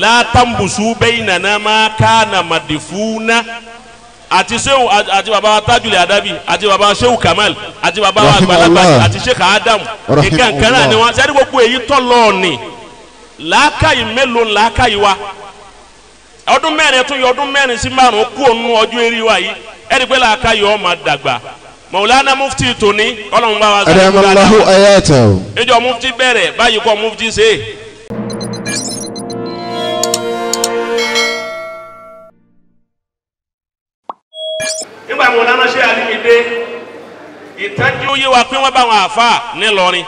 látàmbùsù bẹ́yìnà náà máa ká nà màdìfúnà àti sehu àti baba tajuli adabi àti baba sehu kamal àti baba àgbàlagbà àti sheikh adam nǹkan kan náà ni wọn sẹ́ni gbogbo èyí tọ́ lọ́ọ̀nì làákàyè mélòó làákàyè wa ọdún mẹ́rin tún yọ ọdún mẹ́rin sí márùn-ún kú òun ọjọ́ eré wa yìí ẹ̀rí pé làákàyè ọ̀ máa dàgbà mọ̀láná mufti tòní ọlọ́run bá wa sọ ẹ̀ ẹ̀ mọ̀láhùn ayé ẹ̀tẹ̀ o. ìjọ mufti bẹ̀rẹ̀ báyìí kọ́ mufti ṣe é. ó yé wa pé wọ́n bá wọn àfa ńìlọrin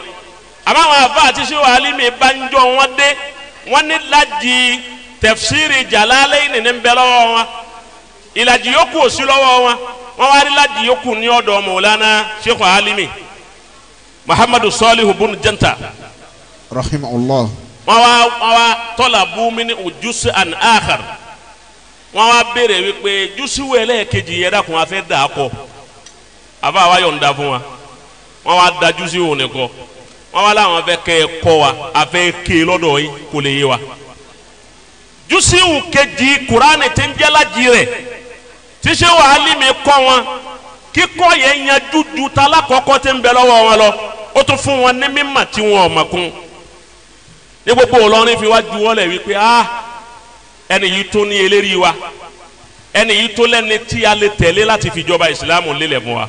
àmọ́ àwọn àfa àti ṣéwà alimi banjọ wọn dé wọn ní lajì tẹfsiri Jalalayn ní ń bẹ lọ́wọ́ wọn ìlàjì yòókù ò sí lọ́wọ́ wọn wọn wá rí lajì yòókù ní ọ̀dọ̀ Maulana Sheikh alimi Muhammadu Salihu bunu Janta rahimahullah wọn wá wọn wá tọ́lá bumi ní ojúṣe an akhar wọn wá béèrè wípé júṣìwò ẹlẹ́ẹ̀kejì yẹn dàkún afẹ́ dàkọ àbá wa yọ̀ǹda fún wa wọ́n wá dájú sí òun nìkan wọ́n wá láwọn fẹ́ kẹ́ ẹ kọ́ wa àfẹ́ ké e lọ́dọ̀ yìí kò lè yé wa. jùsíwù kejì kuraani ti ń jẹ́lájì rẹ̀ tíṣe wà á límì kọ́ wọn kíkọ́ yẹn yanjú ju talákọ́kọ́ ti ń bẹ lọ́wọ́ wọn lọ ó tún fún wọn ní mímọ̀ tí wọn ò mọ̀ kún ní gbogbo Ọlọ́run fi wá ju wọlé wípé ah ẹni yìí tó ní eléri wa ẹni yìí tó lẹ́ni tí a lè tẹ̀lé láti fi jọba ìsìlámù lélẹ̀ fún wa.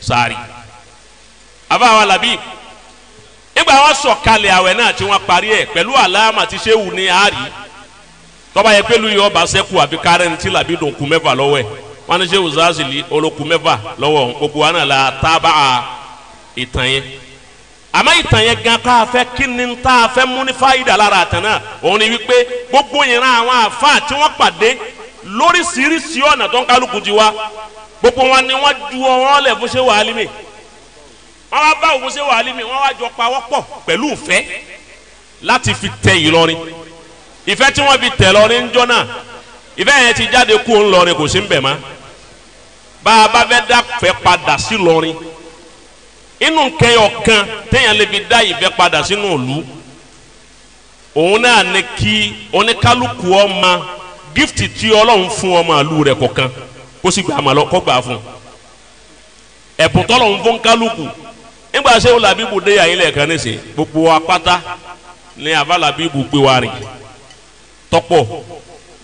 Sari. abáwa labib labi, wọn sọ̀kalẹ̀ àwẹ̀ náà tí wọ́n parí ẹ̀ pẹ̀lú àlàámà tí sẹ́wù ní àárí tọ́ba yẹ pẹ̀lú yọ ọba sẹ́kù àbí kárẹ́ni tí làbí dùn kù mẹ́fà lọ́wọ́ ẹ̀ wọ́n ní sẹ́wù zazili olókù mẹ́fà la tábà ìtàn yẹn àmọ́ ìtàn yẹn gan ká fẹ́ kí ni tá a fẹ́ mú ní fáyidà lára àtàn náà òun ni wípé gbogbo yẹn náà àwọn àfáà tí wọ́n pàdé lóríṣiríṣi ọ̀nà tó ń kálukú ti wá gbogbo wọn ni wọn ju ọwọ́ lẹ̀ bó ṣe wà á límì wọn wá báwo bó ṣe wà á límì wọn wá jọ pawọ́ pọ̀ pẹ̀lú ìfẹ́ láti fi tẹ Ìlọrin ìfẹ́ tí wọ́n fi tẹ̀ lọ́rin ń jọ́ náà ìfẹ́ yẹn ti jáde kú ńlọrin kò sí ń bẹ̀ mọ́ bá a bá fẹ́ dá fẹ́ padà sí lọrin inú kẹyọ kan téèyàn lè fi dá ìfẹ́ padà sínú ìlú òun náà ni kí oníkálukú ọmọ gífìtì tí ọlọ́run fún ọmọ ìlú rẹ̀ kọ̀ọ̀kan kó sì gbà àmà lọ kó gbà fún un ẹ̀bùn tọ́lọ̀ ń fún kálukú nígbà ṣé wọ́n làbíbù dé yàyín lẹ́ẹ̀kan níṣẹ́ gbogbo apáta ni àbá làbíbù gbé wa rìn tọ́pọ̀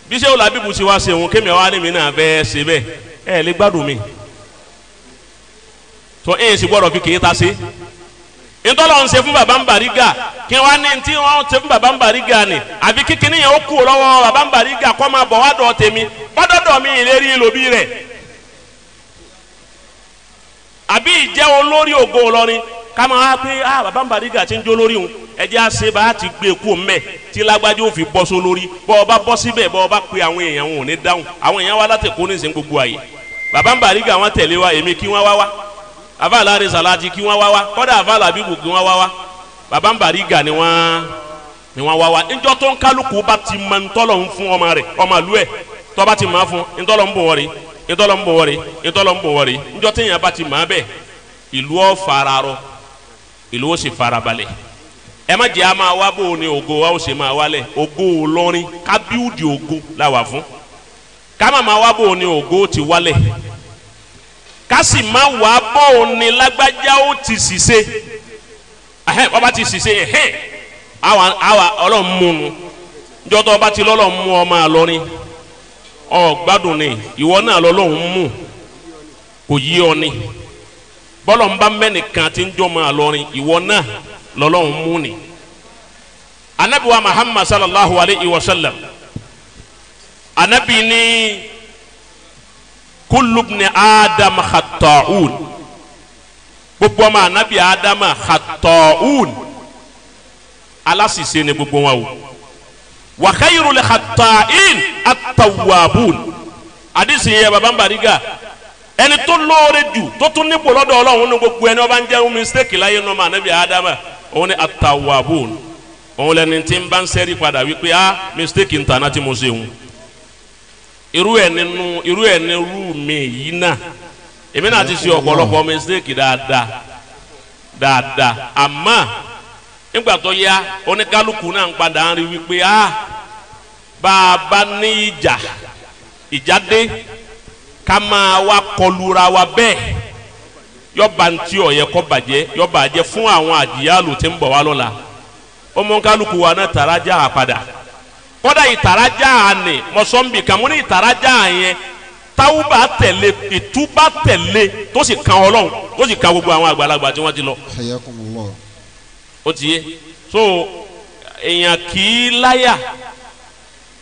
bí ṣé wọ́n làbíbù ti wá ṣe òun kémi àwa ni mi náà fẹ́ ṣe bẹ́ẹ̀ ẹ̀ lè gbádùn mi tó ẹ̀yìn sì gbọ́dọ̀ fi kèé ta ṣe ntọ́lọ̀ ń ṣe fún baba ń bàrígà kí wọ́n ní tí wọ́n ṣe fún baba ń bàrígà ni àbí kíkiní yẹn ó kú lọ́wọ́ baba ń bàrígà kọ́ máa bọ̀ wá dọ̀ tèmi ọdọdọ mi ìlérí lòbí rẹ àbí ìjẹ́ olórí ògo Ìlọrin ká máa wá pé ah bàbá ń Bariga ti ń jó lórí òun ẹjẹ́ àṣẹ bá a ti gbé e kú mẹ́ tí lágbájú òun fi bọ́ só lórí bọ́ ọ bá bọ́ síbẹ̀ bọ́ ọ bá pe àwọn èèyàn òun ò ní dáhùn àwọn èèyàn wa látẹ̀kọ́ ní ìsìn gbogbo àyè bàbá ń Bariga wọn tẹ̀lé wa èmi kí wọ́n wá wá àfa àlàrí sàlájì kí wọ́n wá wá kọ́dà àfa àlàbíbù kí wọ́n wá wá bàbá ń Bariga ni ni wọ́n wá wá ń tọ́ba ti máa fún ntọ́lọ́ ń bọ̀ wọ́rí ntọ́lọ́ ń bọ̀ wọ́rí ntọ́lọ́ ń bọ̀ wọ́rí njọ́ téèyàn bá ti máa bẹ̀ ìlú ó fararọ ìlú ó sì farabalẹ̀ ẹ má jẹ́ a máa wá bó o ní ògo wa ó sì máa wálẹ̀ ògo olórin ká bíúdì ògo la wà fún ká má máa wá bó o ní ògo ti wálẹ̀ ká sì má wá bó o ní lágbájá ó ti ṣìṣe ọba ti ṣìṣe ẹ̀hẹ́n àwa ọlọ́run mú un ọba ti lọ́lọ́ mú ọmọ àlọ́rin ọ gbádùn ni ìwọ náà lọ́lọ́run mú kò yí ọ ni bọ́lọ̀ ń bá mẹ́nìkan tí ń jọ máa lọrin ìwọ náà lọ́lọ́run mú ni. anabi wa muhammad sallallahu alayhi wa sallam anabi ni kulubni adam khata'un gbogbo ọmọ anabi adam khata'un alasise ni gbogbo wa o wa khayru le khata'in. tawwabun ya yẹn baba ń bari ga ẹni tó lóore jù tó tún nípò lọ́dọ̀ ọlọ́run ní gbogbo ẹni ọba ń jẹ́ mistake láyé nọ́ọ̀mà ànábì ádámà òun ni àtàwàbùn òun lẹni tí ti bá ń sẹ́rí padà wípé ah mistake mo ń mi yìí náà èmi náà ti ṣe ọ̀pọ̀lọpọ̀ mistake dáadáa dáadáa àmọ́ nígbà bá a bá ní ìjà ìjà ká máa wá kọlura wa bẹ́ẹ̀ yọba ntí ọ̀yẹ kọ́ bàjẹ́ yọba àjẹ fún àwọn àdìyálò tí ń bọ̀ wá lọ́la ọmọkálukú wa náà tàrájà àpàdà kọ́dà ìtàrájà àní mọ̀sọ́mbì kàmú ní ìtàrájà yẹn tawuba tẹ̀lé ìtúbà tẹ̀lé tó sì kan ọlọ́run tó sì kan gbogbo àwọn àgbàlagbà tí wọ́n ti lọ. ó ti yé so èèyàn kì í láyà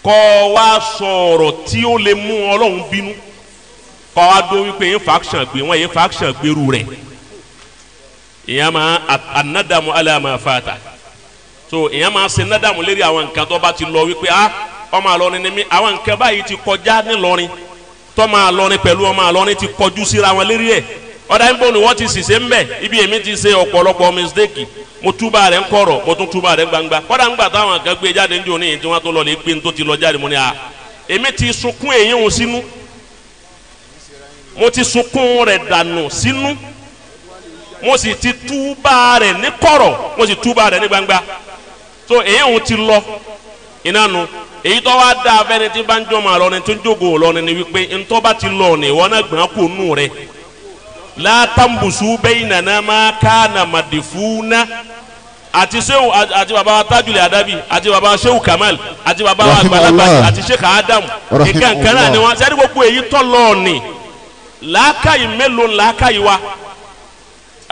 kọ́ wa sọ̀rọ̀ tí ó lè mú ọlọ́run bínú kọ́ wa dó wípé yín faction gbé wọn yín faction gbèrú rẹ̀ ìyẹn máa anádàmú aláàmà fata so ìyẹn máa ṣe nádàmú lérí àwọn nǹkan tó bá ti lọ wípé a ah, ọmọ àlọ́ni ni mí àwọn nǹkan báyìí ti kọjá ńìlọrin tọ́mọ àlọ́ni pẹ̀lú ọmọ àlọ́ni ti kọjú síra wọn lérí ẹ̀ ọ̀dà ń gbóni wọ́n ti ṣìṣe ń bẹ̀ ibi èmi ti ṣe ọ̀pọ̀lọpọ̀ mistake mo túbà rẹ̀ ń kọ̀rọ̀ mo tún túbà rẹ̀ gbangba kọ́dà ń gbà táwọn kan gbé jáde níjó ní ìdí tó lọ lè gbé ní tó ti lọ jáde mo ní èmi ti sunkún èyí òun sínú mo ti sunkún rẹ̀ dànù sínú mo sì ti rẹ̀ ní kọ̀rọ̀ mo sì gbangba so èyí ti lọ iná nu èyí lọ ni tó ń lọ ni wípé látàmbùsù bẹ́yìnà náà máa kánà màdìfúnà àti sehu àti baba tajuli adabi àti baba sehu kamal àti baba agbalagba àti sheikh adamu ìkànkàn náà ni wọn sẹ́ni gbogbo èyí tọ́ lọ́ọ̀nì làákàyè mélòó làákàyè wa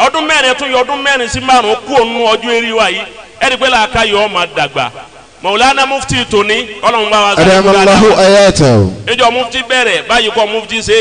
ọdún mẹ́rin tún yọ ọdún mẹ́rin sí márùn-ún kú òun ọjọ́ eré wa yìí ẹni pé làákàyè ọmọ dàgbà mọ̀wúlánà mufti tóní ọlọ́run bá wa sọ. ẹ̀rẹ̀ mọ̀lá ayé ẹ̀tẹ̀ o. ìjọ mufti bẹ̀rẹ̀ báyìí kọ́ mufti ṣe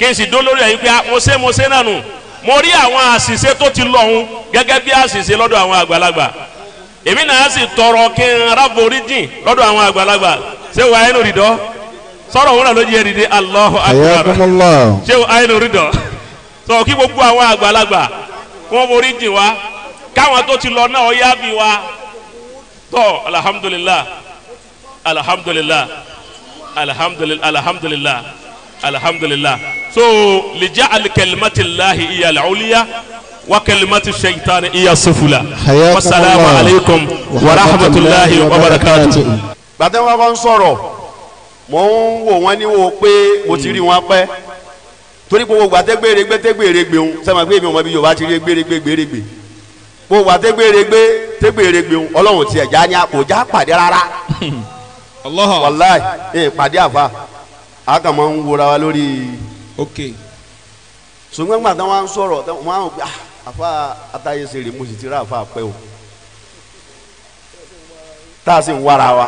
kí n sì dó lórí ẹ̀ yìí pé ah, mo ṣe mo ṣe náà nù mo rí àwọn àṣìṣe tó ti lọ òun gẹ́gẹ́ bí àṣìṣe lọ́dọ̀ àwọn àgbàlagbà èmi náà sì tọrọ kí n ráborí jìn lọ́dọ̀ àwọn àgbàlagbà ṣé wàá ẹnu rìdọ́ sọ̀rọ̀ òun náà ló yẹ rìdí Allahu Akbar ṣé wàá ẹnu rìdọ́ sọ kí gbogbo àwọn àgbàlagbà kí wọ́n borí jìn wá káwọn tó ti lọ náà ó yá bí wa tọ́ alhamdulillah alhamdulillah alhamdulillah alhamdulillah so lija alikẹlimatilahi iyalawuliya wa kalimati shaitani iya sufula wasalaamu alaykum wa rahmatulahi wa barakatu. gbàtẹ́ wọn kọ́ ń sọ̀rọ̀ mò ń wò wọ́n ní wo pé mo ti rí wọn pẹ́ torí gbogbo gbàtẹ́ gbére gbẹ́tẹ́ gbére gbé òun sẹ́wọ̀n gbé mi ò mọ bí yorùbá ti rí gbére gbé gbére gbé gbogbo gbàtẹ́ gbére gbé tẹ́gbére gbé òun ọlọ́run tiẹ̀ já ní àpò já pàdé rárá wàláì pàdé àfa. a kàn máa ń wora wa lórí. ok. ṣùgbọ́n gbàgbà wọn sọ̀rọ̀ wọn àwọn gbà àfa àtàyèsèrè mo sì ti rà àfa àpẹ o tá a sì ń nwara wa.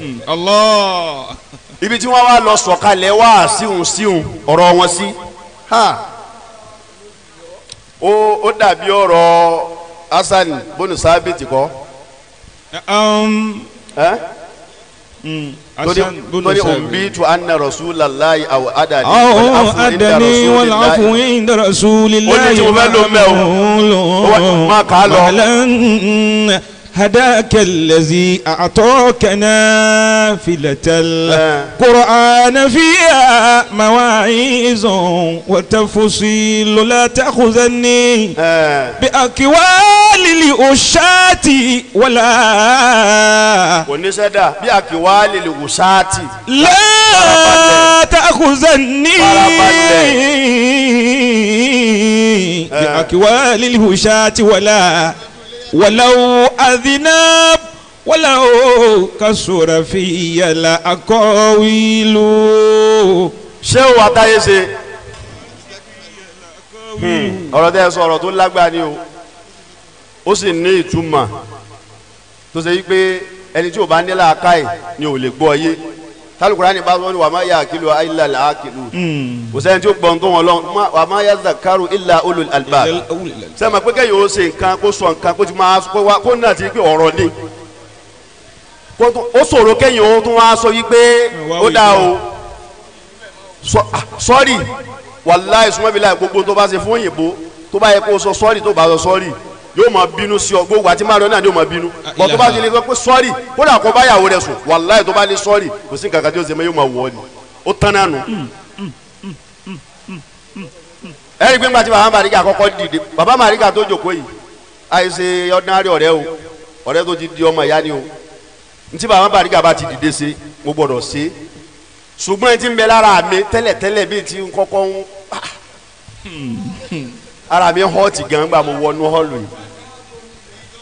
Hmm, Allah. ibi tí wọ́n wá lọ sọ̀kalẹ̀ wá síhun síhun ọ̀rọ̀ wọn sí. o dàbí ọ̀rọ̀ Hasan bonu sábẹ́tì kọ́. Um, Hmm. torí òǹbí tu anna rasulallahi aw adani aw adani afu inda rasulillahi ó ní tí mo fẹ́ lò mẹ́ o هداك الذي أعطاك نافلة القرآن فيها مواعظ وتفصيل لا تأخذني بأكوال الأشات ولا ونسدا بأكوال الأشاة لا تأخذني بأكوال الأشات ولا walawo adinab walawo kasorafi yala akọwilu. ṣé o wa táyé ṣe hmm, ọ̀rọ̀ tẹ́ ẹ sọ ọ̀rọ̀ tó lágbára ni o ó sì ní ìtumọ̀ tó ṣe yí pé ẹni tí o bá ní làákàyè ni ò lè gbọ́ yé talukurani bá wọn wà má yà àkìlù àìlà là àkìlù kò sẹ́yìn tí ó gbọ́n tó wọn lọ wà má yà zakaru ìlà ulul albab sẹ́mi pé kẹ́yìn ó ṣe nǹkan kó sọ nǹkan kó ti máa kó wá kó náà ti pé ọ̀rọ̀ ni ó ṣòro kẹ́yìn ó tún wá sọ wípé hmm, ó dá o sọ́ọ̀rì wàláì súnmọ́bí láì gbogbo tó bá ṣe fún òyìnbó tó bá yẹ kó sọ sọ́ọ̀rì tó bá sọ sọ́ọ̀rì. yóò máa bínú sí ọ gbogbo àti marion náà ni yóò máa bínú ah, bọ tó bá ti lè sọ pé sọrí kódà kó bá yàwó rẹ sùn wàláyé tó bá lè sọrí kò sí kankan tí ó ṣe mọ yóò máa wọ ni ó tán náà nù. ẹ̀rí pé ńgbàtí bàbá màríkà kọ́kọ́ dìde bàbá màríkà tó jòkó yìí àìsè ọ̀dínárì ọ̀rẹ́ o ọ̀rẹ́ tó ti di ọmọ ìyá ni o ntí bàbá màríkà bá ti dìde ṣe mo gbọ́dọ̀ ṣe ṣùgbọ́n ẹ ara mi họ́ọ̀tì gan gba mo wọnú họ́ọ̀lù yìí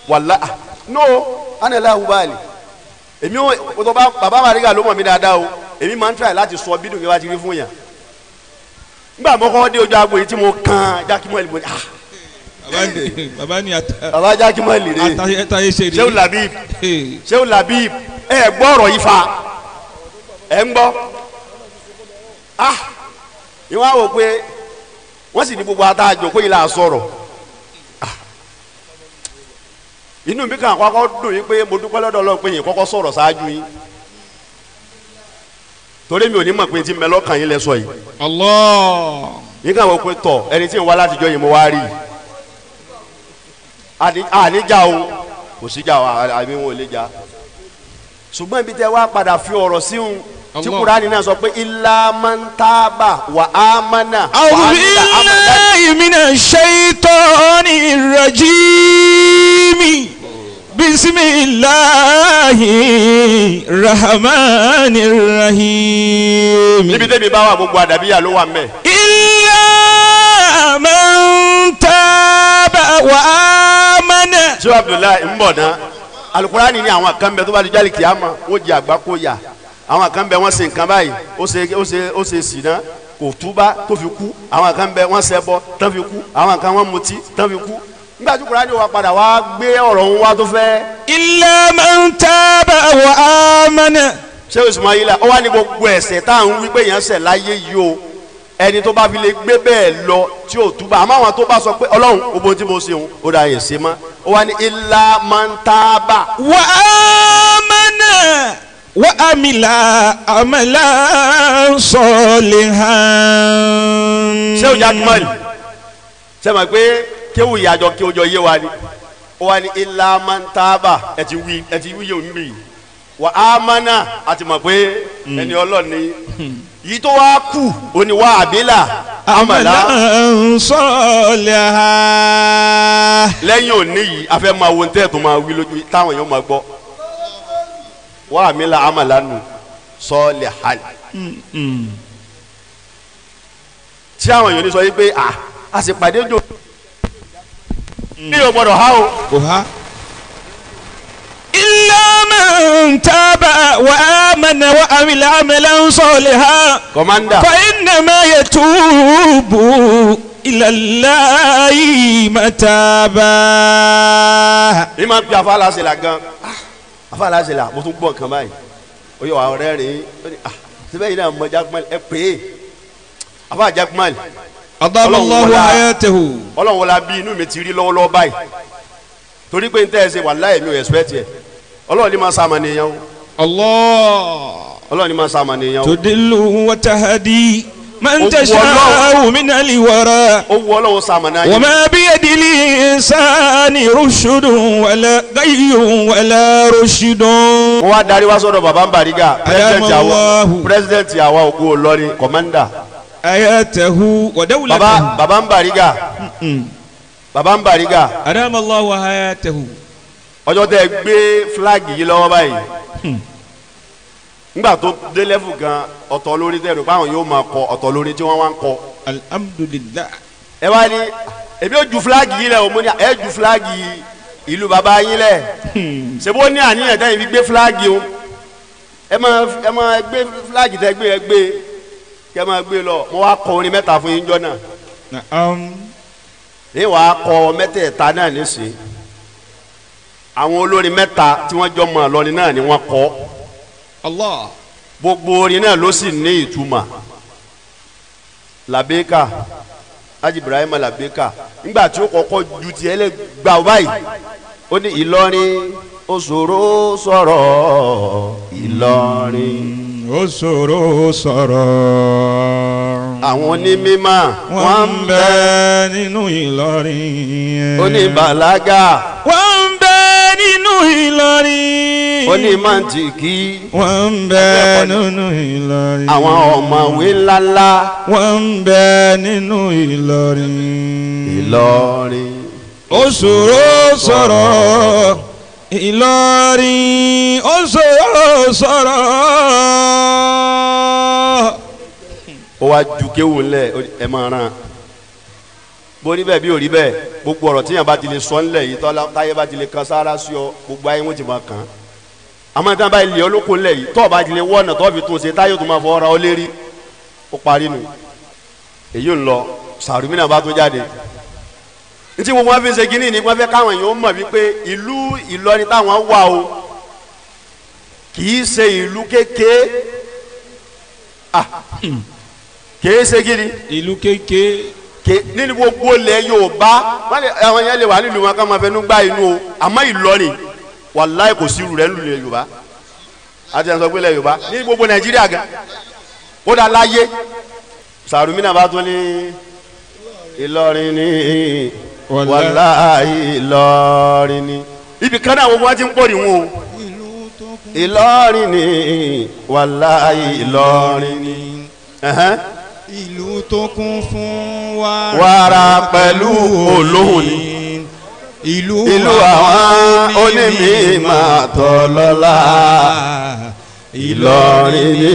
wàlá ah, no anala awubali èmi ò tó bá bàbá màríkà ló mọ̀ mí dáadáa o èmi máa ń try láti sọ bídùn kí wọ́n ti rí fún yàn nígbà mọ́kọ́ dé ojú agbo yìí tí mo kan jákèmọ́lì mo ní ah baba ni ata baba jákèmọ́lì rè sehu labib sehu labib ẹ gbọ́ ọ̀rọ̀ yìí fa ẹ ń gbọ́ ah ìwọ́n á wò pé wọ́n sì ní gbogbo ata àjòkó yìí là sọ̀rọ̀ ah. inú mi kàn kọ́kọ́ dùn yín pé mo dúpẹ́ lọ́dọ̀ Ọlọ́run pé yín kọ́kọ́ sọ̀rọ̀ ṣáájú yín torí mi ò ní mọ̀ pé ti mẹ́lọ́ yín lẹ sọ yìí. Allah. yín kàn wọ́n pé tọ̀ ẹni tí ń wá látijọ́ yìí mo wá rí i àníjà o kò síjà o àbí wọn ò lè jà ṣùgbọ́n ibi tẹ́ wá padà fi ọ̀rọ̀ sí òun tí kuraani náà sọ pé ilá máa ń tábà wà á mánà. àwọn ilé ìmìnà ṣaitani rajimi bisimilahi rahmani rahim. níbi tẹ́bi bá wà gbogbo àdàbíyà ló wà mẹ́. ilá máa ń tábà wà á mánà. tí o abdullahi ń bọ̀ náà alukurani ni àwọn kan bẹ tó bá di jálìkì àmọ́ ó di àgbákò yà àwọn kan bẹ wọn ṣe nǹkan báyìí ó ṣe ó ṣe ó ṣe sìnà kò túbá tó fi kú àwọn kan bẹ wọn ṣẹbọ tán fi kú àwọn kan wọn mutí tán fi kú nígbà tí Kùránì wa padà wá gbé ọ̀rọ̀ ń wá tó fẹ́. illa man taba wa amana. ṣé Ismaila ó wá ní gbogbo ẹ̀ṣẹ̀ tá à ń wí pé yẹn ṣẹ̀ láyé yìí o ẹni tó bá fi lè gbé bẹ́ẹ̀ lọ tí ò túbà àmọ́ àwọn tó bá sọ pé ọlọ́run gbogbo tí mo ṣe òun ó dà yẹ̀ ṣe mọ́ ó wá ní illa man taba. wa amana wa amila amala salihan. sẹ́wọ̀n jakumari sẹ́wọ̀n pé kéwù yàjọ kéwù jọ yé wa ni ó wà ní ilà mantaba ẹ ti wí ẹ ti wí yóò ń wa wà á mánà àti mọ̀ pé hmm. ẹni ọlọ́ọ̀ni yìí tó wá kù ó ní wà àbílà amala salihan. lẹ́yìn òní yìí a fẹ́ máa wo ní tẹ́ẹ̀tún máa wí lójú táwọn èèyàn máa gbọ́ wa amila amalanu salihan hmm, hmm. tí àwọn èèyàn ní sọ yìí pé à a sì pàdé jò ní hmm. o gbọ́dọ̀ ha o. kò ha. illa man taba wa amana wa amila amalan salihan. kọ́mándà. fa innama yatubu ilallahi mataba. i ma bí a la se la gan afa aláṣẹ la mo tún gbọ́ nǹkan báyìí ó yọ àwọn rẹ́rìn-ín ó ní ah síbẹ̀ yìí náà mọ jákúmọ́lì ẹ pè é afa jákúmọ́lì. adamallahu hayatahu. ọlọ́run wọlá bí inú mi ti rí lọ́wọ́lọ́wọ́ báyìí torí pé n tẹ́ ẹ ṣe wallahi mi ò ẹ̀sùpẹ́tì ẹ̀ ọlọ́run ni máa sàmà nìyẹn o. Allah. ọlọ́run ni máa sàmà nìyẹn o. tudillu wa tahdi man tasha'u min al-wara. ó wọ ọlọ́run sàmà náà yẹn. wa ma bi ìlísàánì rúṣùdùn wàlẹ̀ gáyùn wàlẹ̀ rúṣùdùn. wọ́n wá darí wá sọ́dọ̀ baba Bariga pírẹsidẹ́ǹtì àwa ògo Ìlọrin kọ́mándà. ayatahu wàdẹ́wùlẹ̀ kan. baba Bariga baba Bariga. adamallahu ayatahu. ọjọ́ tẹ gbé fúláàgì yìí lọ́wọ́ báyìí hmm. ngba tó dé lẹ́fù gan ọ̀tọ̀ lórí tẹ̀rù báwọn yóò máa kọ ọ̀tọ̀ lórí tí wọ́n wá ń kọ. alhamdulilayi. ẹ wá ní ebi o ju fúláàgì yìí o mo ní ẹ ju fúláàgì ìlú baba yín lẹ ṣebó ní àníyàn tẹ́yìn fi gbé fúláàgì o ẹ máa ẹ máa gbé fúláàgì tẹ́ gbé ẹ gbé kẹ́ máa gbé lọ mo wá kọ orin mẹ́ta fún yín jọ náà ní um, wàá kọ mẹ́tẹ̀ẹ̀ta náà nísìnyí àwọn olórin mẹ́ta tí wọ́n jọ mọ̀ lọ́ni náà ni wọ́n kọ. Allah. gbogbo orin náà ló sì ní ìtumọ̀ làbẹ́kà Haji Ibrahim Labeka nígbà tí ó kọ́kọ́ ju tiẹ̀ lẹ gbà ó báyìí ó ní Ìlọrin ó ṣòro sọ̀rọ̀ Ìlọrin. ó ṣòro àwọn onímọ̀ wọ́n ń bẹ nínú Ìlọrin. ó ní bàlágà. wọ́n Ìlọrin. ó ní màǹtìkì. wọ́n ń bẹ nínú Ìlọrin. àwọn ọ̀mọ̀wé ńláńlá. wọ́n ń bẹ nínú Ìlọrin. Ìlọrin. ó ṣòro sọ̀rọ̀ Ìlọrin ó sọ̀rọ̀. ó wá ju kéwòn lẹ ẹ máa ràn án bó rí bẹ́ẹ̀ bí ò rí bẹ́ẹ̀ gbogbo ọ̀rọ̀ tíyàn bá ti lè sọ ńlẹ̀ yìí tọ́lá táyé bá ti lè kan sára sí ọ gbogbo ayé wọn ti máa kàn án àmọ́ ìtàn bá ilé olóko ńlẹ̀ yìí tọ́ọ̀ bá ti lè wọ́nà tọ́ọ̀ fi tún ṣe táyé tó máa fọ ọ́ra ọ lérí ó parí nù èyí ń lọ sàrùmí náà bá tó jáde ntí wọn fi ṣe kínní ni wọn fẹ́ káwọn èèyàn mọ̀ wípé ìlú Ìlọrin táwọn wà o kì í ṣe ìlú kékeré ah kì í ṣe kínní. ìlú kékeré ké nínú gbogbo ilẹ̀ Yorùbá àwọn yẹn lè wà nílùú wọn ká máa fẹnu gbá inú o àmọ́ Ìlọrin wàláì kò sí irú rẹ̀ Yorùbá àti ẹ̀ ń Yorùbá ní gbogbo Nàìjíríà gan ó dá láyé sàrùmínà bá tún ní Ìlọrin ní wàláì Ìlọrin ní ibi kan náà gbogbo wọn ti ń pọ̀ níwọ̀n o Ìlọrin ní wàláì Ìlọrin ní ìlú tó kún fún wàrà. wàrà pẹ̀lú olóhùn ni. ìlú àwọn onímọ̀ tọ́lọ́lá. ìlọrin ni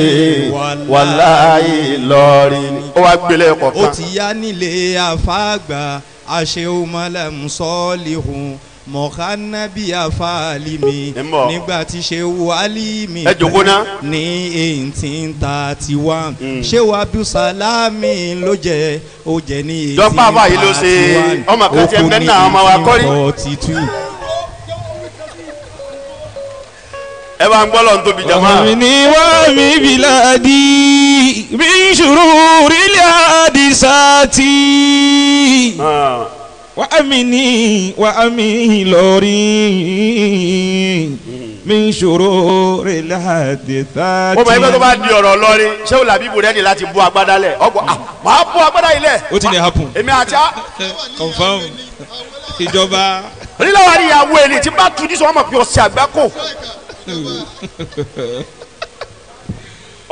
wàlá ìlọrin ni. ó wá gbélé ọkọ̀ ó ti yá nílé àfáàgbà àṣẹ òmàlà mùsọ́ọ̀lì hùn mọ̀hánábì àfàlìmí nígbà tí ṣéwù alímì ní eighteen thirty one ṣéwù abdulsalami ló jẹ ó jẹ ní eighteen thirty one okùn ní eighteen forty two. ẹ bá ń gbọ́ lọ́n tóbi jama. ọ̀rìn ni wá mi bìláàdì mi ń ṣòro orílẹ̀ àdìsá tí. Ah wa amini wa amini lórí mi ṣòro rẹ láti tá. ó mọ ẹgbẹ́ tó bá di ọ̀rọ̀ lọ́rí ṣé o làbí ibò rẹ́ni láti bọ́ agbádá lẹ̀ ọgbọ́n wà á bọ́ agbádá yìí lẹ̀. ti lè happen. èmi àti a. confam ìjọba. onílàwárí ìyàwó ẹni tí bá tu ní sọ wọn mọ̀ pé ọ̀sẹ̀ àgbákò.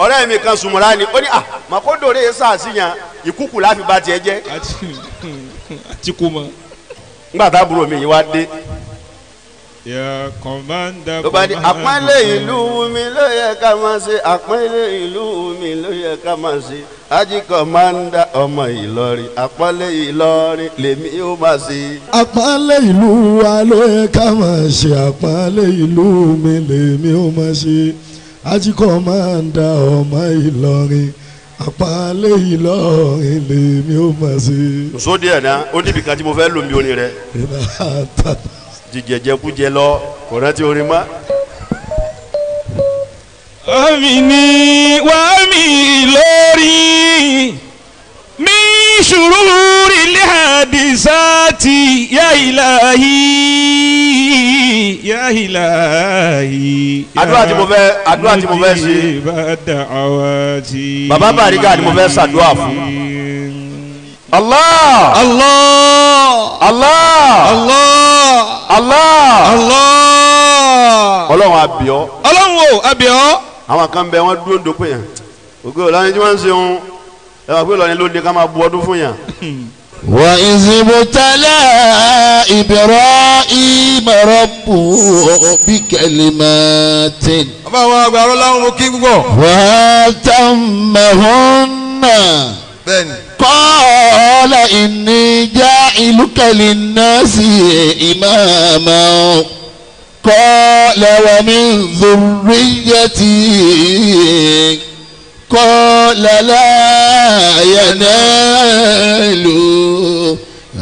ọ̀rẹ́ mi kan sùnmọ̀ra ni ó ní à ah, màkó dòrè sáà sí yan ìkúkù láfi ba tiẹ̀ jẹ́ àti kú mọ. nígbà tá mi yìí wá dé. ló bá di àpọ́nlé ìlú mi ló yẹ ká máa ṣe àpọ́nlé ìlú mi ló yẹ ká máa ṣe ají kọ̀mándà ọmọ ìlọrin àpọ́nlé ìlọrin lèmi yóò máa ṣe. àpọ́nlé ìlú wa ló yẹ ká máa ṣe àpọ́nlé ìlú mi lèmi yóò máa ṣe ají kọ̀mándà ọmọ ìlọrin àpàlẹ́ ìlọrin lèmi ó mà sí. nso díẹ̀ náà ó níbi kan tí mo fẹ́ lómi orin rẹ. jíjẹjẹkújẹ lọ kò rántí orin mọ́. omi ni wà mí lórí mi ṣùrù rí lẹ́hàdísàtì yá ìlàhí ilahi. àdúrà tí mo fẹ́ àdúrà tí mo fẹ́ ṣe. bàbá bàríkà ni mo fẹ́ ṣàdúrà fún. Allah Allah Allah Allah Allah Allah. ọlọ́run abiọ́. ọlọ́run o abiọ́. àwọn kan bẹ wọn dúró dópin yẹn ògbé ọ̀la ni tí wọ́n ń ṣe ń ẹ pé Ìlọrin ló dé ká máa bu ọdún fún yàn. وإذ ابتلى إبراهيم ربه بكلمات وأتمهن قال إني جاعلك للناس إماما قال ومن ذريتي قال لا ينال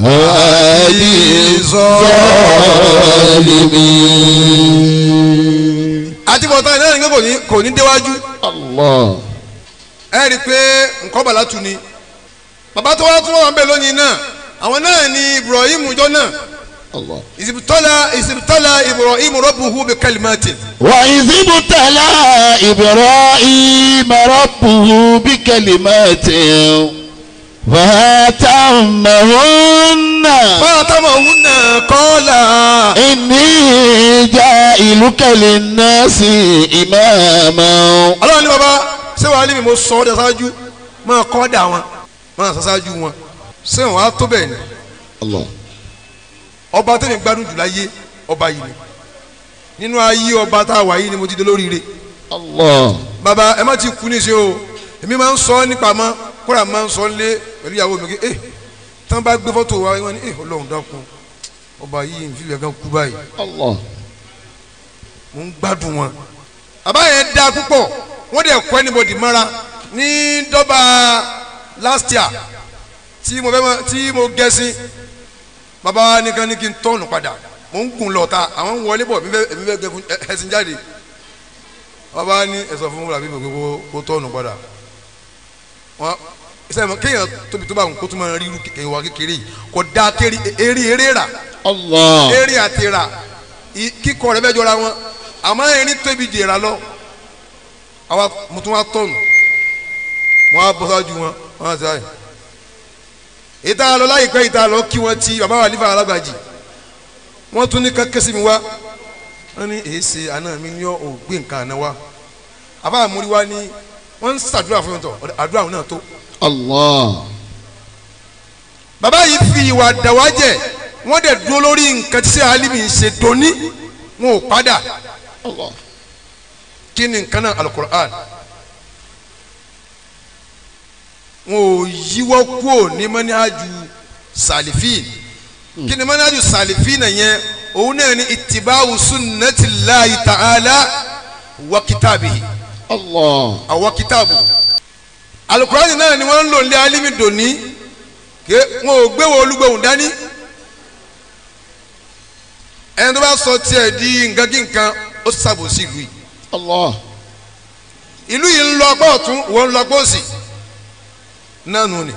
عهدي الظالمين àti bọ̀tán ìlànà ìgbẹ́ kò ní kò ní déwájú. ẹ rí i pé nǹkan bàlá tu ni bàbá tó wá tún wọn bẹ́ẹ̀ lónìí náà àwọn náà ni Ibrahim jọ náà ìsibítọ́lá ìsibítọ́lá ibrahim rabbuhu bi kalimatin. wà ìsibítọ́lá ibrahim rabbuhu bi kalimatin. فاتمهن فاتمهن قال إني جائلك للناس إماما الله ni baba ṣé wàá lè mi mo sọ ọ́ dẹ ṣáájú máa kọ́ dà wọn máa ṣáṣáájú wọn ṣé wọn á tó bẹ́ẹ̀ ni ọba tẹ̀mí gbádùn jùlọ ayé ọba yìí ni nínú ayé ọba tá a wà yìí ni mo ti dé lóríire. Allah. baba ẹ má ti kú ní ìṣe o èmi máa ń sọ nípa mọ́ kóra máa ń sọ lé pẹ̀lú ìyàwó mi kí ẹ eh, tán bá gbé fọ́tò wa wọn ni ẹ eh, ọlọ́run dákun ọba yìí ń fi ìgbà kú báyìí. mo ń gbádùn wọn. bàbá yẹn dáa púpọ̀ wọ́n dẹ̀ kọ́ anybody mọ́ra ní dọ́ba last year tí mo gẹ̀ sí baba nìkan ní kí n tọ́ọ̀nù padà mò ń kun lọ́ta àwọn ń wọlé bọ̀ èmi fẹ́ gẹkun ẹsìn jáde baba ní ẹ̀sọ́ fún wúlò àbí mi kó tọ́ọ̀nù padà wọn sẹ́yìn kéèyàn tóbi tó bá wọn kó tó máa rí irú ìwà kékeré yìí kò dáa kéèrè eré eré rà eré àti rà kíkọ rẹ bẹ́ẹ̀ jọra wọn àmọ́ erin tóbi jèrà lọ àwa mo tún wá tọ́ọ̀nù mo wá bọ́ sáájú wọn wọn á sẹ́yìn ìta lọ láyìípẹ́ ìta lọ kí wọ́n ti bàbá wa nífà alágbàjì wọ́n tún ní kankan sí mi wá wọ́n ní èsì àná mi ní ògbé nǹkan àná wa àbá àmúrí wa ní wọ́n ń ṣàdúrà fún yọ̀tọ̀ àdúrà àwọn náà tó. Allah. bàbá yìí fi ìwà dàwà jẹ wọ́n dẹ̀ dúró lórí nǹkan tí sẹ́ ń ṣe dòní wọn ò padà. Allah. kí ni nǹkan náà alukur'an wọn ò yíwọ́ kúò ní mọ́níhájú sàlìfín hmm. kí ni mọ́níhájú sàlìfín yẹn òun náà ni ìtìbáwù sunnati Allahi ta'ala wa kitabihi Allah àwa kitabu náà ni wọ́n ń lò ní alimi dòní ké wọn ò gbéwò olúgbòhùn dání ẹni tó bá sọ tiẹ̀ di nǹkan nǹkan ó ṣàbòsí ìlú yìí ìlú yìí ń lọ ọgbọ́n ọ̀tún wọ́n ń lọ ọgbọ́n òsì náà nù ni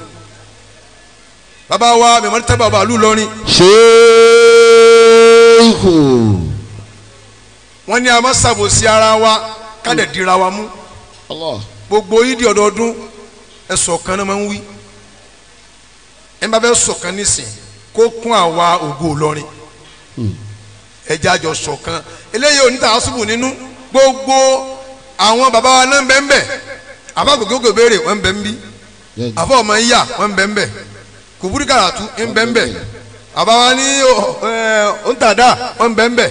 bàbá wa mẹ̀mọ́rí tẹ́ bàbá lù lọ́rin. ṣéèkù. wọ́n ní a máa ṣàbòsí ara wa ká dira wa mú. gbogbo yìí di ọdọọdún ẹ̀sọ̀ kan náà máa ń wí. ẹ bá fẹ́ ṣọ̀kan nísìn kó kún àwa ògo lọ́rin. Hmm. ẹja àjọ ṣọ̀kan eléyìí oníta àṣùbù nínú gbogbo àwọn bàbá wa náà ń bẹ́ẹ̀ bẹ́ẹ̀ àbá gògógò béèrè wọ́n ń bẹ́ẹ̀ ń bí àfọ ọmọ yíyà wọn bẹ nbẹ kòbúrú karatu nbẹ nbẹ àbáwá ní ọ̀ntàdá wọn bẹ nbẹ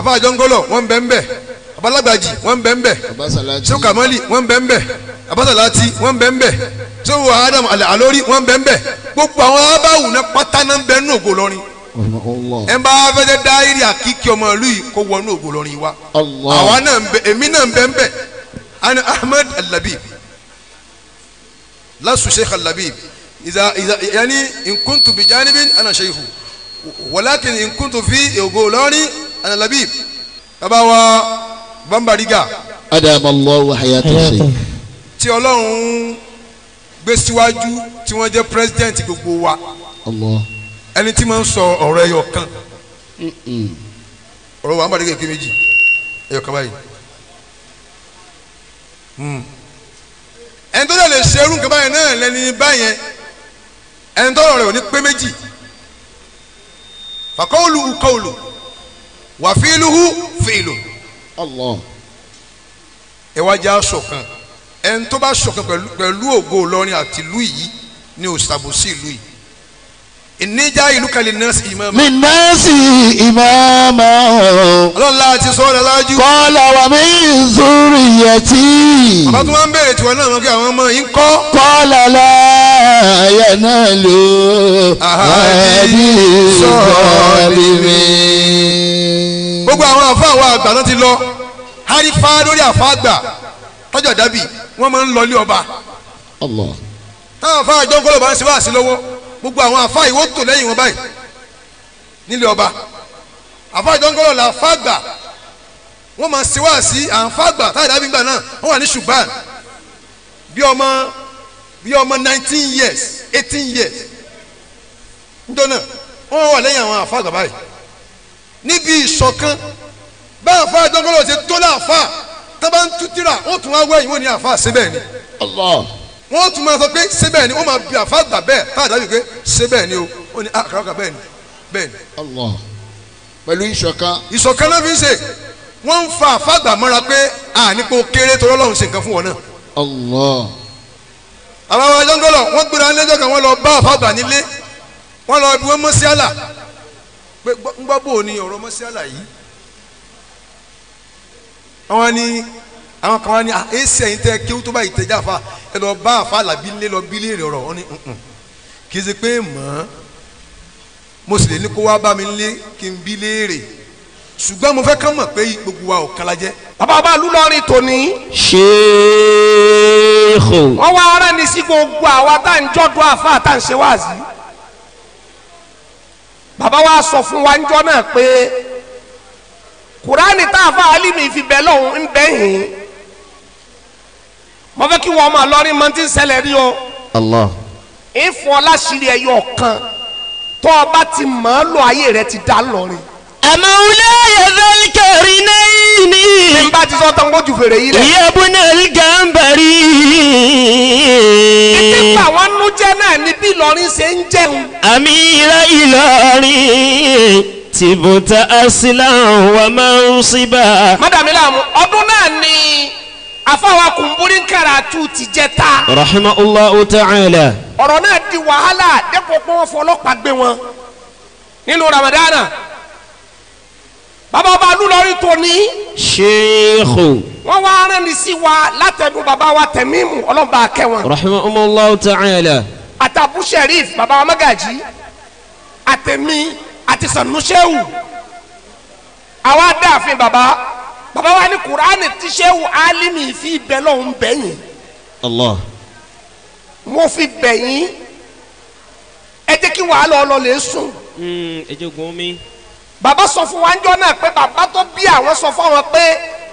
àfọ àjọngọlọ wọn bẹ nbẹ abalagbaji wọn bẹ nbẹ sẹwọn kamali wọn bẹ nbẹ abasalati wọn bẹ nbẹ sẹwọn adam alori wọn bẹ nbẹ gbogbo àwọn abáwù náà pátá náà bẹ nù ògo lọrin ẹ bá fẹsẹ dá irí àkíkí ọmọ ìlú yìí kó wọnú ògo lọrin wa àwa náà èmi náà bẹ nbẹ ahmed alabi lasu sheikh al-labib iza iza yani in kuntu bi janibin ana sheikhu walakin in kuntu fi ogolori ana labib baba wa bambariga. adam allah wa hayata sheikh. tí ọlọ́run gbé síwájú tí wọ́n jẹ́ president gbogbo wa ẹni tí máa ń sọ ọ̀rọ̀ ẹyọ kan ọ̀rọ̀ wa bambariga èké méjì ẹyọ kan báyìí. Hmm ẹni tó dẹ̀ lè ṣerú nǹkan báyẹn náà lẹ́ni báyẹn ẹni tó rọrẹ̀ ò ní pé méjì fàkọ́ọ̀lù kọ́ọ̀lù wà fílùú fílù Allah ẹwájà ṣọ̀kan ẹni tó bá ṣọ̀kan pẹ̀lú ògo Ìlọrin àtìlú yìí ni òṣàbòsí ìlú yìí ìníjà ìlú kan lè nọ́ọ̀sì ìmọ̀ọ́mọ́. mi nọ́ọ̀sì ìmọ̀ọ́mọ́. ọlọ́la ti sọ ọ́nà lájú. kọ́lá wa mi zúrì yẹtí. bàbá tó máa ń bèrè tiwọn náà mọ kí àwọn ọmọ yìí ń kọ́. kọ́lá láàyè náà ló ẹbí sọ̀rọ̀ mi. gbogbo àwọn àfa àwọn àgbà náà ti lọ harifa lórí àfa àgbà tọ́jọ́ dàbí wọ́n máa ń lọ ilé ọba. táwọn àfa àjọ ńkọ́lọ̀ bá ń ṣe wá sí lọ́wọ́ gbogbo àwọn àfáà ìwó tò lẹ́yìn wọn báyìí nílé ọba àfáà ìdọ́ngọ́rọ̀ là fàgbà wọ́n máa ṣe wá sí àǹfàgbà táyà dábì gbà náà wọ́n wà ní ṣùgbọ́n bí ọmọ bí ọmọ nineteen years eighteen years níjọ́ náà wọ́n wà lẹ́yìn àwọn àfáà àgbà báyìí níbi ìṣọ̀kan bá àfáà ìdọ́ngọ́rọ̀ ṣe tó láàfáà tó bá ń tú tírà wọ́n tún wá wẹ́yìn wọ́n ní àfáà síbẹ̀ ni. Allah wọ́n tún máa sọ pé ṣé ni wọ́n máa bí àfáàgbà bẹ́ẹ̀ o ó ní ah, ni bẹ́ẹ̀ ni. pẹ̀lú ìṣọ̀kan. ìṣọ̀kan ló fi ń ṣe wọ́n fa àfáàgbà mọ́ra pé àníkó kéré tó lọ́lọ́run ṣe nǹkan fún wọn náà. àwọn ọmọ ajọ́ngọ́lọ̀ wọ́n gbéra lẹ́jọ́ kan wọ́n lọ bá àfáàgbà nílé wọ́n lọ ibi wọ́n pé bò ní àwọn kan wá ní ẹsẹ ah, ẹyin tẹ kéwú tó bá yìí tẹjá fa ẹ lọ bá àfa làbí lé lọ bí léèrè ọ̀rọ̀ ọ ní kì í ṣe pé mọ mo sì lè ní kó wá bá mi lé kí n bí léèrè ṣùgbọ́n mo fẹ́ kán mọ̀ pé gbogbo wa ò kala jẹ́. bàbá bá lù lọ́rin tòní. ṣéèkò. wọ́n wá ara ní sí gbogbo àwa tá à ń jọ́dún àfa tá à ń ṣe wáàzí. bàbá wa sọ fún wa níjọ́ náà pé kùránì tá a fa fi bẹ́ẹ̀ lọ́hùn ń bẹ́ẹ̀ hìn mo fẹ́ kí wọ́n máa lọ́rí mọ́ tí ń ṣẹlẹ̀ rí o. Allah. ìfún ọ láṣìírí ẹyọ kan tó o bá ti mọ̀ ọ́ lọ ayé rẹ ti dá lọ́rin. àmọ́ wúlẹ̀ yẹ̀fẹ́ kẹrì náà ní. ní n bá ti sọ tán kójú fèrè yìí rẹ. ìyẹ́bù náà lè gàǹbàrí. títí pa àwọn nújẹ náà ni bí Ìlọrin ṣe ń jẹun. àmì ìrà Ìlọrin tìbùtà àṣìlá wà máa ń ṣíbà. mádàmí ọdún náà ni afáwa kùnbúrí karatu ti jẹ ta. rahimahullahu ta'ala. ọ̀rọ̀ náà di wàhálà dẹ́kun pé wọ́n fọlọ́pàá gbé wọn nínú ramadana bàbá bàálù lórí tóní. ṣeéhù. wọ́n wá rán ní sí wa látẹnu bàbá wa tẹ̀mímù ọlọ́ba akẹ́ wọn. rahimahullahu ta'ala. àtàbù sẹ́ríf bàbá wa magají àtẹ̀mí àti sanuṣẹ́wù àwa dáàfin bàbá bàbá wa ní kuraani tí sẹ́wù alimi fi bẹ̀ lọ́hùn bẹ̀yìn. Allah. mo fi bẹ̀yìn ẹ jẹ́ kí wàhálà ọlọ́lẹ̀ sùn. Hmm, ẹ jẹ́ gun mi. bàbá sọ fún wa ńjọ́ náà pé bàbá tó bí àwọn sọ fún wọn pé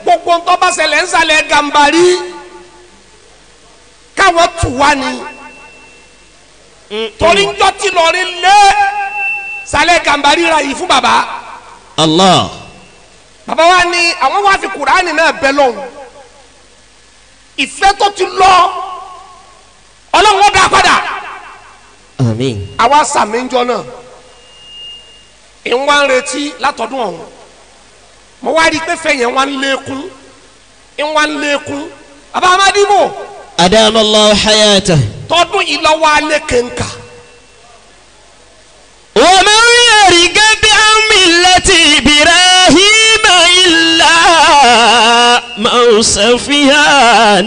gbogbo ńtọ́ bá ṣẹlẹ̀ ń ṣàlẹ̀ gàmbàrí káwọn tù wá ni hmm, torí hmm. ńjọ́ tí lọ́ọ́rí lé ṣàlẹ̀ gàmbàrí ra yìí fún bàbá. Allah. bàbá wa ni, àwọn wa fi kùránì náà bẹ lọ́hùn ìfẹ́ tó ti lọ ọlọ́run dá padà àmín àwa sàmíjọ náà ìwọ́n retí látọ̀dún ọ̀hún mo wá rí i pé fẹ̀yẹ̀ wọn lékún ìwọ́n lékún bàbá amadimo. adamallahu hayata. tọdún ìlọwọ alẹ kẹńkà. wọ́n máa ń gẹ́gẹ́ mọ̀ọ́sẹ̀fíà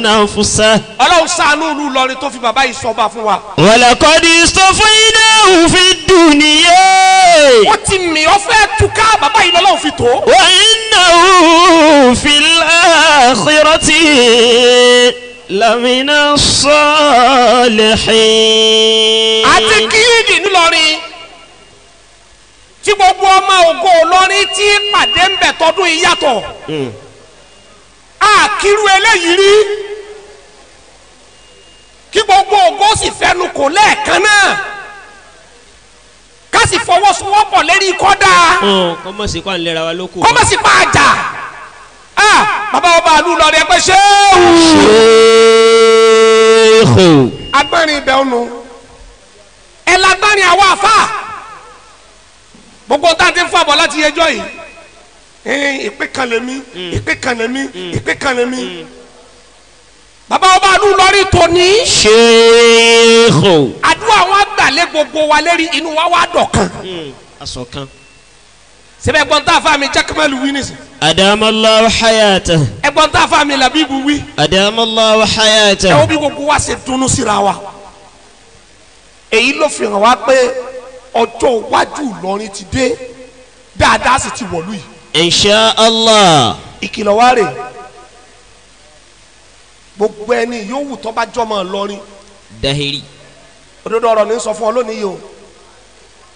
náà fúnṣẹ́. ọlọ́run ṣàánú olú lọrin tó fi bàbá yìí sọ́ba fún wa. wọ̀lẹ́kọ́dí sọ fún iná òfin dùn nìyẹn. ó ti mì ọ́ fẹ́ túká bàbá yìí lọ́lọ́run fi tó. wà iná òfin láàkírọ́tì lamina sọ́ọ̀lẹ́hìn. àti kíyìdì ńlọrin tí gbogbo ọmọ ògo olórin tí pàdé ń bẹ̀ tọdún yìí yàtọ̀. Mm àkírú eléyìí rí kí gbogbo ògo sì fẹnu kò lẹ́ẹ̀kan náà ká sì fọwọ́sowọ́pọ̀ lérí kọ́dà. kọ́ mọ̀ sí pa ń lera wa lóko. kọ́ mọ̀ sí pa àjà bàbá ọba àlù lọ́ọ̀rẹ́ pé ṣéèwù. ṣéèwù. agbẹ́rin ibẹ̀ ọ̀nù ẹ̀ lágbárin àwọn àfa gbogbo tá a ti fọ àbọ̀ láti yẹjọ́ yìí. Eh, ìpè kan lèmi hmm. ìpè kan lèmi hmm. ìpè kan lèmi. Hmm. bàbá ọba àdúrà lórí tòní. ṣéèkó. àdúrà wọn gbàlẹ́ gbogbo wa lérí inú wa wá dọ̀kan. aṣọ kan. sẹ́bẹ̀ ẹ̀gbọ́n tá a fa mi jákèmẹ́lì wí nìsín. Adamallahu hayata. ẹ̀gbọ́n tá a fa mi Labibu wí. Adamallahu hayata. ẹ wo bí gbogbo wa ṣe dunu síra wa. èyí ló fi hàn wá pé ọjọ́ iwájú Ìlọrin ti dé dáadáa sì ti wọ̀lú yìí insha Allah. ìkìlọ̀ wá rè gbogbo ẹni yóò wù tó bá jọmọ lọrin. dahiri. òdodo ọ̀rọ̀ ní sọ fún ọ lónìí yìí o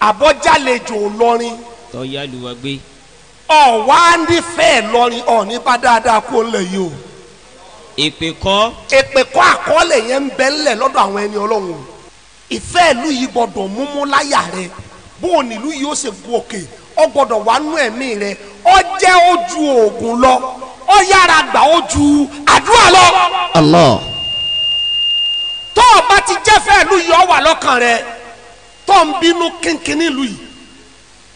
àbọ̀jálejò lọrin. tọ́yà lùwà gbé. ọ̀wá nífẹ̀ẹ́ lọrin ọ̀ní bá dáadáa kó lè yìí o. èpè kọ́. èpè kọ́ àkọọ́lẹ̀ yẹn ń bẹ ńlẹ̀ lọ́dọ̀ àwọn ẹni ọlọ́run ìfẹ́ ìlú yìí gbọ́dọ̀ múmú láyà rẹ bóun ìlú yìí ó ṣe gun òkè ó gbọ́dọ̀ wà nú ẹ̀mí rẹ ó jẹ́ ó oògùn lọ ó yára gbà ó ju àdúrà lọ. Allah. tó o bá ti jẹ́ ìlú yìí ó wà lọ́kàn rẹ tó ń bínú kínkín nílùú yìí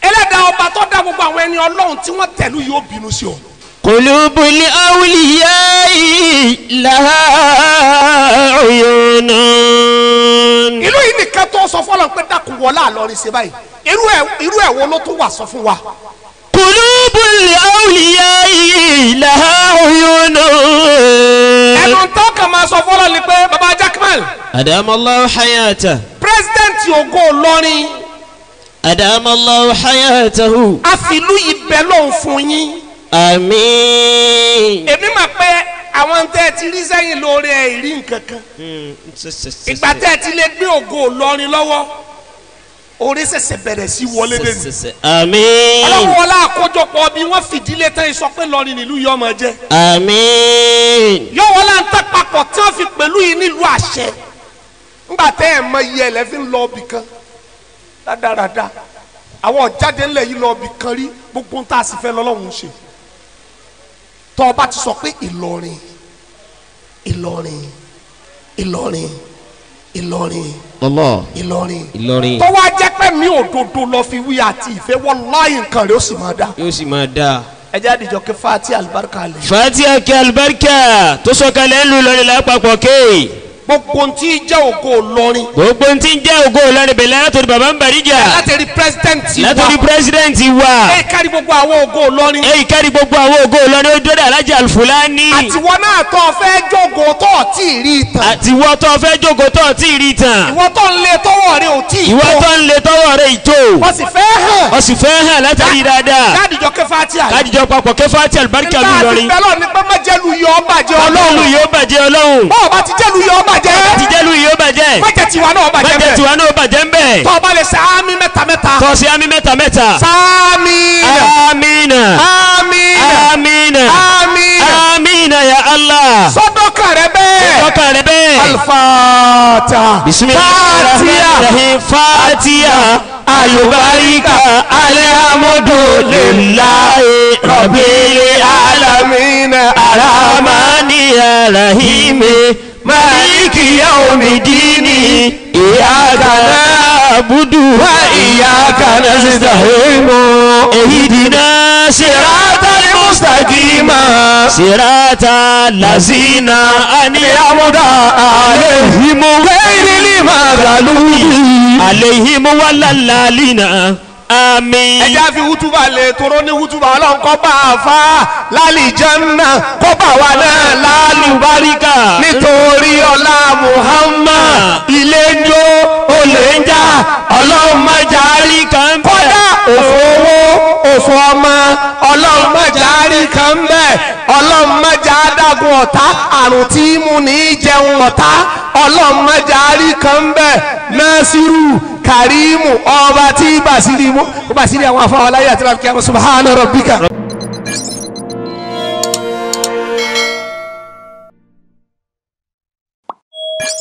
ẹlẹ́dàá ọba tó dá gbogbo àwọn ẹni ọlọ́run tí wọ́n tẹ̀lú yìí ó bínú sí ọ. قلوب الأولياء لها عيون irú yìí nìkan tó sọ fọlọ́n pé dákun wọlé àlọ́rin ṣe báyìí irú ẹ̀ irú ẹ̀ wo ló tún wà sọ fún wa. قلوب الأولياء لها عيون. ẹnu tó kàn máa sọ fọlọ́n ni pé baba Jakmal. adamallahu hayata. pírẹsidẹ́ǹtì ògo Ìlọrin. adamallahu hayatahu. a fìlú ibẹ̀ ló ń fún yín àmín. èmi mà pé àwọn tẹ́ ẹ ti rí sẹ́yìn lórí ẹ ìrí nǹkan kan hmm, ìgbà tẹ́ ẹ ti lè gbé ògo Ìlọrin lọ́wọ́ orí ṣẹ̀ṣẹ̀ bẹ̀rẹ̀ sí wọlé dé ni. àmín. ọlọ́wọ́ ọlá àkójọpọ̀ bí wọ́n fìdílé tán sọ pé lọ́rin nílùú yọ ọmọ jẹ. àmín. yóò wọ́n là ń tẹ́ papọ̀ tí wọ́n fi pẹ̀lú yìí nílùú àṣẹ ńgbà tẹ́ ẹ̀ mọ iye ẹ̀lẹ́ fi ń lọ ibì kan rádaràda àwọn ọ̀jáde ńlẹ̀ yìí lọ ibì kan rí gbogbo ń tà sí fẹ́ lọ́lọ́run ṣe tọ́ ọ bá ti sọ pé ìlọrin ìlọrin ìlọrin ìlọrin ìlọrin ìlọrin tó wá jẹ́ pé mi ò dodo lọ fi wí àti ìfẹ́ wọ́n láyé nǹkan rẹ̀ ó sì máa dá. yóò sì máa dá. ẹ jẹ́ àdìjọ kí fati alibarika lè. fati alibarika tó sọ̀kalẹ̀ ń lu Ìlọrin lápapọ̀ kéè gbogbo ntí jẹ́ ògo Ìlọrin. gbogbo ntí jẹ́ ògo Ìlọrin bẹ̀rẹ̀ látòrí baba ń bari jà. látòrí pírẹsidẹ́ǹtì wa látòrí pírẹsidẹ́ǹtì wa. ẹ kárí gbogbo àwọn ògo Ìlọrin. ẹ kárí gbogbo àwọn ògo Ìlọrin ó dọ́dọ̀ alájà Alfulani. àtiwọ́ náà tó o fẹ́ jogo tó o tí ì rí tán. àtiwọ́ tó o fẹ́ jogo tó o tí ì rí tán. ìwọ tó ń lé tọwọ́ rẹ ò tí ì tó. ìwọ tó ń lé tọwọ́ rẹ ì tó. wọ́n sì fẹ́ hàn. wọ́n sì fẹ́ hàn látàrí dáadáa. kádìjọ kẹfàtíà. kádìjọ papọ̀ kẹfàtíà alibarika lu Ìlọrin. nígbà tí bẹ́lọ̀ ni pé ti jẹ́lu yọ bàjẹ́. jíjẹ́ lu yìí ó bàjẹ́. bàjẹ́ tiwa náà bàjẹ́ bẹ́ẹ̀. bàjẹ́ tiwa náà bàjẹ́ bẹ́ẹ̀. tó bá lè ṣe àmì mẹ́ta mẹ́ta. tó ṣe àmì mẹ́ta mẹ́ta. sáàmìnà. àmìnà. àmìnà. àmìnà. àmìnà. àmìnà ya Allah. sọdọ́kà rẹ bẹ́ẹ̀. sọdọ́kà rẹ bẹ́ẹ̀. alifata. bisimilayi fatiya. alubarika alihamudulilayi rabili alamina aramani alahimi mi dini iyyaka na'budu wa iyyaka nasta'in ihdina siratal mustaqima siratal lazina an'amta alaihim ghayril maghdubi alaihim walallalina àmín. ẹja fi wútúbà lè toró ní wútúbà ọlọ́run kọ́ bá a fa lálìjánná kọ́ bá wa náà lálùbáríkà nítorí ọlá muhammad ah. ilé ń jó olè ń jà ọlọ́run májà rí kan. kọ́ òfò owó òfò ọmọ ọlọ́run mẹ́jà rí kan bẹ́ẹ̀ ọlọ́run mẹ́jà dágun ọ̀tá àrùn tí mú ní jẹun ọ̀tá ọlọ́run mẹ́jà rí kan bẹ́ẹ̀ násírù kàrímù ọba tí bàṣírí àwọn afọ aláyé àti ràbíkẹ́ subhana rabbika.